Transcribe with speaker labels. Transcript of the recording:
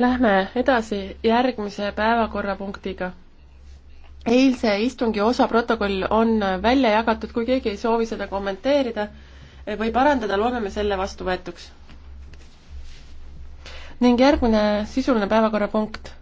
Speaker 1: Lähme edasi järgmise päevakorrapunktiga. eilse istungi osa protokoll on välja jagatud, kui keegi ei soovi seda kommenteerida või parandada, loeme me selle vastuvõetuks. ning järgmine sisuline päevakorrapunkt